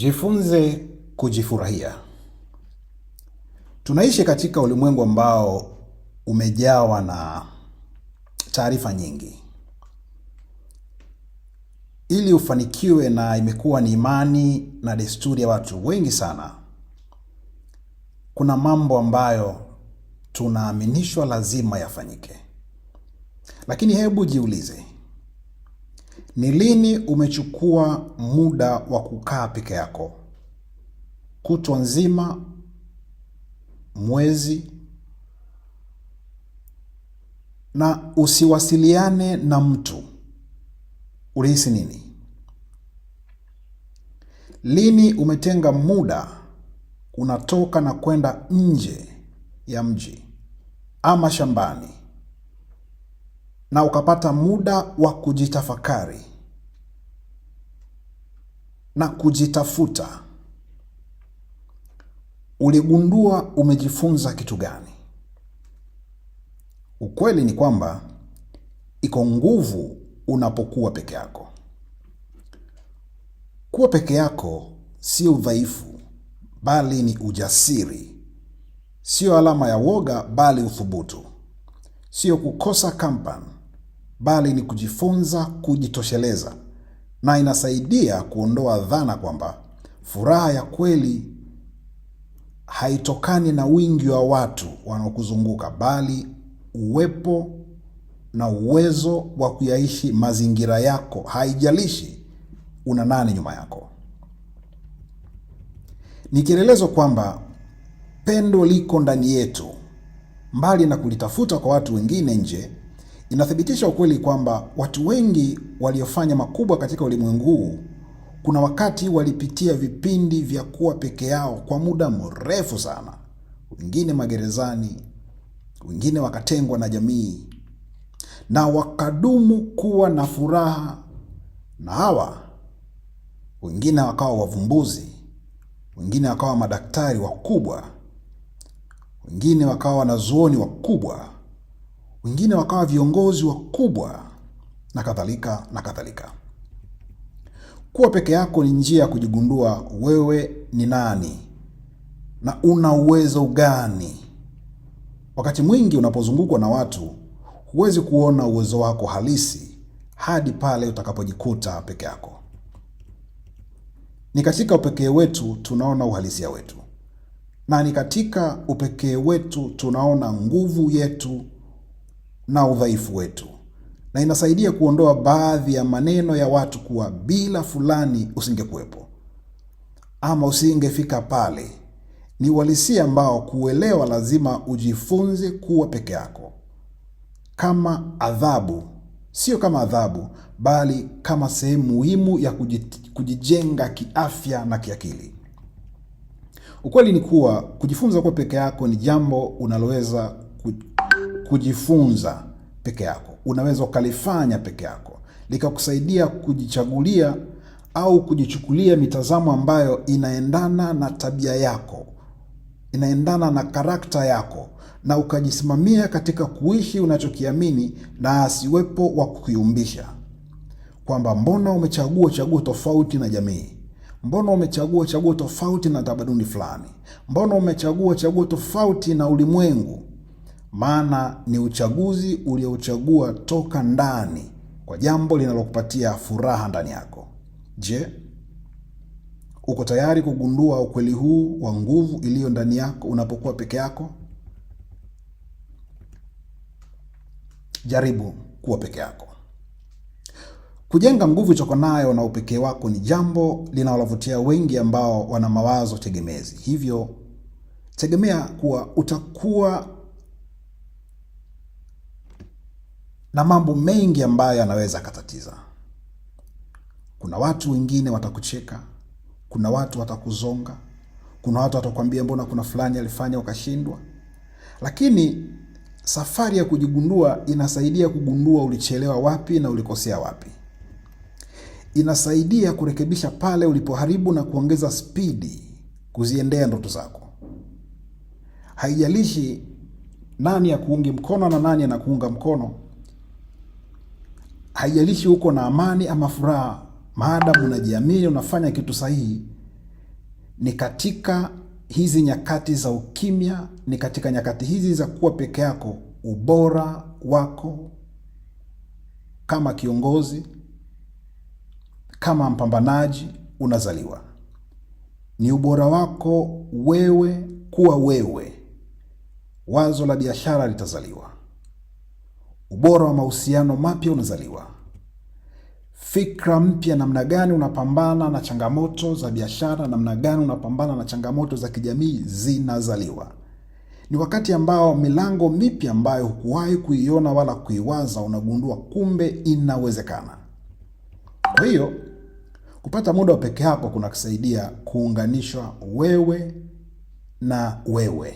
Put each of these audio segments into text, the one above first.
Jifunze kujifurahia. Tunaishi katika ulimwengu ambao umejawa na taarifa nyingi. Ili ufanikiwe, na imekuwa ni imani na desturi ya watu wengi sana, kuna mambo ambayo tunaaminishwa lazima yafanyike, lakini hebu jiulize, ni lini umechukua muda wa kukaa peke yako? Kutwa nzima, mwezi? Na usiwasiliane na mtu. Ulihisi nini? Lini umetenga muda unatoka na kwenda nje ya mji ama shambani na ukapata muda wa kujitafakari na kujitafuta, uligundua umejifunza kitu gani? Ukweli ni kwamba iko nguvu unapokuwa peke yako. Kuwa peke yako sio udhaifu, bali ni ujasiri. Sio alama ya woga, bali uthubutu. Sio kukosa kampani bali ni kujifunza kujitosheleza, na inasaidia kuondoa dhana kwamba furaha ya kweli haitokani na wingi wa watu wanaokuzunguka, bali uwepo na uwezo wa kuyaishi mazingira yako, haijalishi una nani nyuma yako. Ni kielelezo kwamba pendo liko ndani yetu, mbali na kulitafuta kwa watu wengine nje inathibitisha ukweli kwamba watu wengi waliofanya makubwa katika ulimwengu huu kuna wakati walipitia vipindi vya kuwa peke yao kwa muda mrefu sana, wengine magerezani, wengine wakatengwa na jamii na wakadumu kuwa na furaha, na hawa wengine wakawa wavumbuzi, wengine wakawa madaktari wakubwa, wengine wakawa wanazuoni wakubwa wengine wakawa viongozi wakubwa na kadhalika na kadhalika. Kuwa peke yako ni njia ya kujigundua wewe ni nani na una uwezo gani. Wakati mwingi unapozungukwa na watu, huwezi kuona uwezo wako halisi hadi pale utakapojikuta peke yako. Ni katika upekee wetu tunaona uhalisia wetu, na ni katika upekee wetu tunaona nguvu yetu na udhaifu wetu, na inasaidia kuondoa baadhi ya maneno ya watu kuwa bila fulani usingekuwepo ama usingefika pale. Ni uhalisia ambao kuelewa lazima ujifunze kuwa peke yako, kama adhabu, sio kama adhabu, bali kama sehemu muhimu ya kujijenga kiafya na kiakili. Ukweli ni kuwa kujifunza kuwa peke yako ni jambo unaloweza kujifunza peke yako, unaweza ukalifanya peke yako likakusaidia kujichagulia au kujichukulia mitazamo ambayo inaendana na tabia yako, inaendana na karakta yako, na ukajisimamia katika kuishi unachokiamini na asiwepo wa kukiumbisha, kwamba mbona umechagua chaguo tofauti na jamii, mbona umechagua chaguo tofauti na tamaduni fulani, mbona umechagua chaguo tofauti na ulimwengu maana ni uchaguzi uliouchagua toka ndani kwa jambo linalokupatia furaha ndani yako. Je, uko tayari kugundua ukweli huu wa nguvu iliyo ndani yako unapokuwa peke yako? Jaribu kuwa peke yako. Kujenga nguvu choko nayo na upekee wako ni jambo linalovutia wengi ambao wana mawazo tegemezi. Hivyo tegemea kuwa utakuwa na mambo mengi ambayo yanaweza akatatiza. Kuna watu wengine watakucheka, kuna watu watakuzonga, kuna watu watakwambia mbona kuna fulani alifanya ukashindwa. Lakini safari ya kujigundua inasaidia kugundua ulichelewa wapi na ulikosea wapi. Inasaidia kurekebisha pale ulipoharibu na kuongeza spidi kuziendea ndoto zako. Haijalishi nani ya kuungi mkono na nani anakuunga mkono haijalishi huko na amani ama furaha, maadamu unajiamini unafanya kitu sahihi. Ni katika hizi nyakati za ukimya, ni katika nyakati hizi za kuwa peke yako, ubora wako kama kiongozi, kama mpambanaji unazaliwa. Ni ubora wako wewe kuwa wewe, wazo la biashara litazaliwa. Ubora wa mahusiano mapya unazaliwa. Fikra mpya, namna gani unapambana na changamoto za biashara, namna gani unapambana na changamoto za kijamii zinazaliwa. Ni wakati ambao milango mipya ambayo hukuwahi kuiona wala kuiwaza, unagundua kumbe inawezekana. Kwa hiyo kupata muda wa peke yako kunakusaidia kuunganishwa wewe na wewe,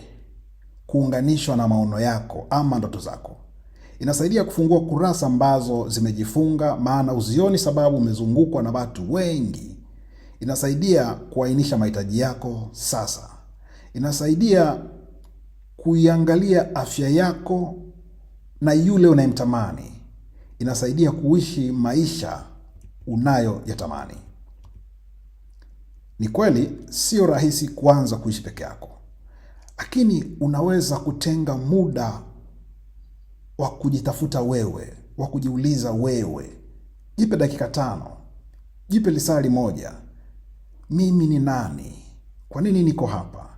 kuunganishwa na maono yako ama ndoto zako inasaidia kufungua kurasa ambazo zimejifunga, maana uzioni sababu umezungukwa na watu wengi. Inasaidia kuainisha mahitaji yako sasa. Inasaidia kuiangalia afya yako na yule unayemtamani. Inasaidia kuishi maisha unayoyatamani. Ni kweli sio rahisi kuanza kuishi peke yako, lakini unaweza kutenga muda wa kujitafuta wewe, wa kujiuliza wewe. Jipe dakika tano, jipe lisali moja. Mimi ni nani? Kwa nini niko hapa?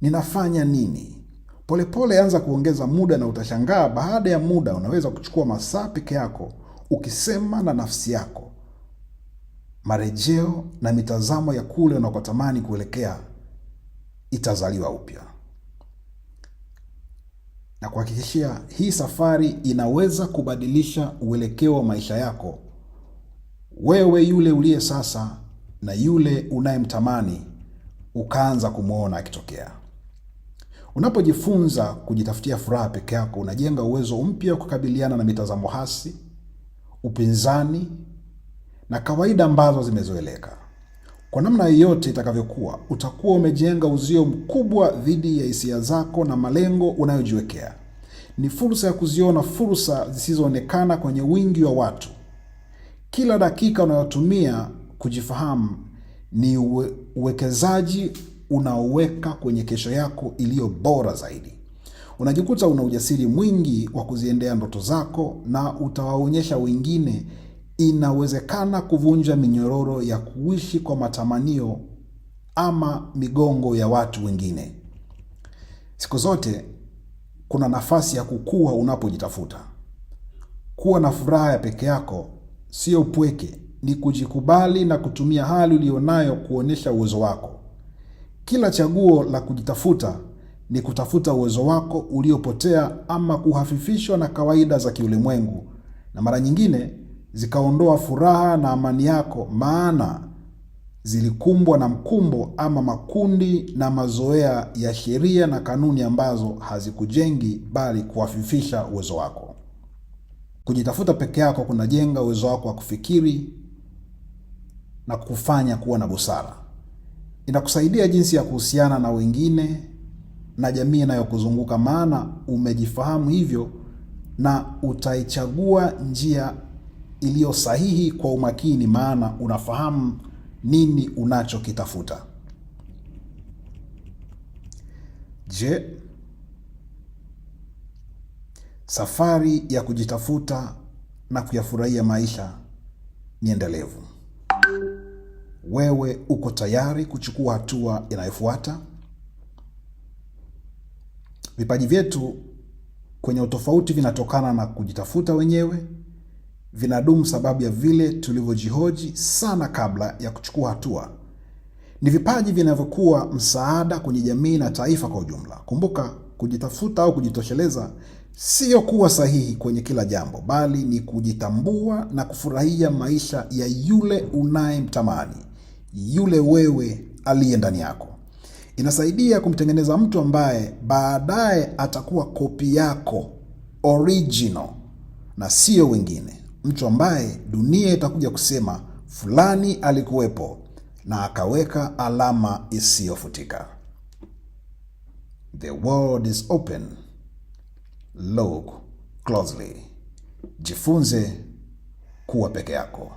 Ninafanya nini? Polepole pole anza kuongeza muda, na utashangaa baada ya muda unaweza kuchukua masaa peke yako ukisema na nafsi yako marejeo na mitazamo ya kule unakotamani kuelekea itazaliwa upya na kuhakikishia hii safari inaweza kubadilisha uelekeo wa maisha yako, wewe yule uliye sasa na yule unayemtamani ukaanza kumwona akitokea. Unapojifunza kujitafutia furaha peke yako, unajenga uwezo mpya wa kukabiliana na mitazamo hasi, upinzani na kawaida ambazo zimezoeleka. Kwa namna yoyote itakavyokuwa, utakuwa umejenga uzio mkubwa dhidi ya hisia zako na malengo unayojiwekea. Ni fursa ya kuziona fursa zisizoonekana kwenye wingi wa watu. Kila dakika unayotumia kujifahamu ni uwe, uwekezaji unaoweka kwenye kesho yako iliyo bora zaidi. Unajikuta una ujasiri mwingi wa kuziendea ndoto zako na utawaonyesha wengine inawezekana kuvunja minyororo ya kuishi kwa matamanio ama migongo ya watu wengine. Siku zote kuna nafasi ya kukua unapojitafuta. Kuwa na furaha ya peke yako sio upweke, ni kujikubali na kutumia hali ulionayo kuonyesha uwezo wako. Kila chaguo la kujitafuta ni kutafuta uwezo wako uliopotea ama kuhafifishwa na kawaida za kiulimwengu, na mara nyingine zikaondoa furaha na amani yako, maana zilikumbwa na mkumbo ama makundi na mazoea ya sheria na kanuni ambazo hazikujengi bali kuwafifisha uwezo wako. Kujitafuta peke yako kunajenga uwezo wako wa kufikiri na kufanya kuwa na busara. Inakusaidia jinsi ya kuhusiana na wengine na jamii inayokuzunguka maana umejifahamu hivyo, na utaichagua njia iliyo sahihi kwa umakini, maana unafahamu nini unachokitafuta. Je, safari ya kujitafuta na kuyafurahia maisha ni endelevu? Wewe uko tayari kuchukua hatua inayofuata? Vipaji vyetu kwenye utofauti vinatokana na kujitafuta wenyewe vinadumu sababu ya vile tulivyojihoji sana kabla ya kuchukua hatua. Ni vipaji vinavyokuwa msaada kwenye jamii na taifa kwa ujumla. Kumbuka, kujitafuta au kujitosheleza sio kuwa sahihi kwenye kila jambo, bali ni kujitambua na kufurahia maisha ya yule unayemtamani, yule wewe aliye ndani yako. Inasaidia kumtengeneza mtu ambaye baadaye atakuwa kopi yako original na siyo wengine mtu ambaye dunia itakuja kusema fulani alikuwepo na akaweka alama isiyofutika. The world is open. Look closely. Jifunze kuwa peke yako.